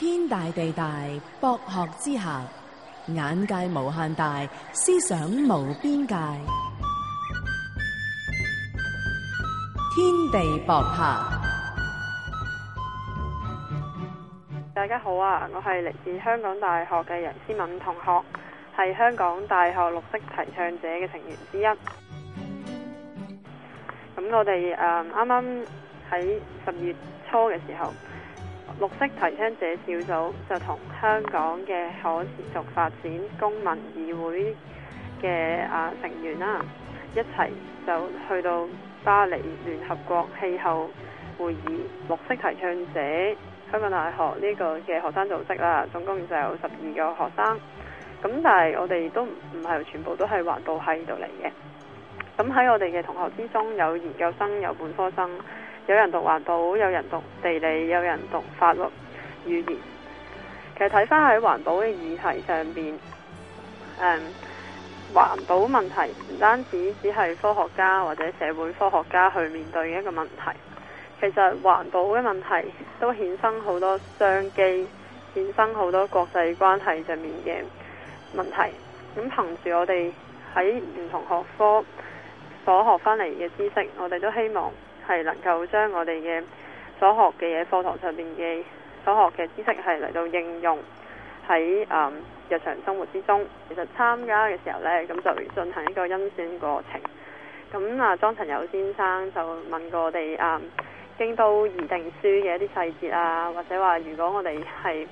天大地大，博學之下，眼界無限大，思想無邊界。天地博客，大家好啊！我係嚟自香港大學嘅楊思敏同學，係香港大學綠色提倡者嘅成員之一。咁我哋誒啱啱喺十月初嘅時候。綠色提倡者小組就同香港嘅可持續發展公民議會嘅啊成員啦，一齊就去到巴黎聯合國氣候會議。綠色提倡者香港大學呢個嘅學生組織啦，總共就有十二個學生。咁但係我哋都唔係全部都係環保喺度嚟嘅。咁喺我哋嘅同學之中，有研究生，有本科生。有人讀環保，有人讀地理，有人讀法律語言。其實睇翻，喺環保嘅議題上邊，誒、嗯，環保問題唔單止只係科學家或者社會科學家去面對嘅一個問題。其實環保嘅問題都衍生好多商機，衍生好多國際關係上面嘅問題。咁憑住我哋喺唔同學科所學翻嚟嘅知識，我哋都希望。係能夠將我哋嘅所學嘅嘢，課堂上邊嘅所學嘅知識係嚟到應用喺啊、嗯、日常生活之中。其實參加嘅時候呢，咁就進行一個甄選過程。咁啊，莊陳友先生就問過我哋啊、嗯，京都議定書嘅一啲細節啊，或者話如果我哋係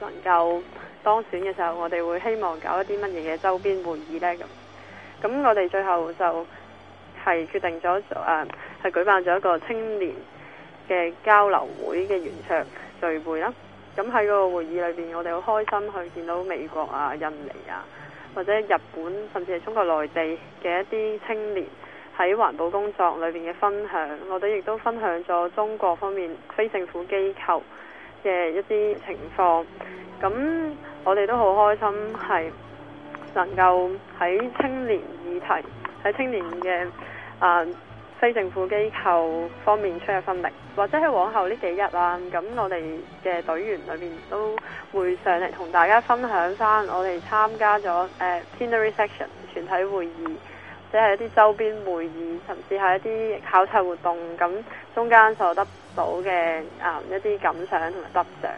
能夠當選嘅時候，我哋會希望搞一啲乜嘢嘅周邊會議呢？咁。咁我哋最後就。係決定咗誒，係、呃、舉辦咗一個青年嘅交流會嘅圓桌聚會啦。咁喺個會議裏邊，我哋好開心去見到美國啊、印尼啊，或者日本，甚至係中國內地嘅一啲青年喺環保工作裏邊嘅分享。我哋亦都分享咗中國方面非政府機構嘅一啲情況。咁我哋都好開心係能夠喺青年議題喺青年嘅。啊！Uh, 非政府機構方面出一分力，或者喺往後呢幾日啦、啊，咁我哋嘅隊員裏面都會上嚟同大家分享翻我哋參加咗誒 plenary section 全體會議，者、就、係、是、一啲周邊會議，甚至係一啲考察活動，咁中間所得到嘅啊、uh, 一啲感想同埋得着。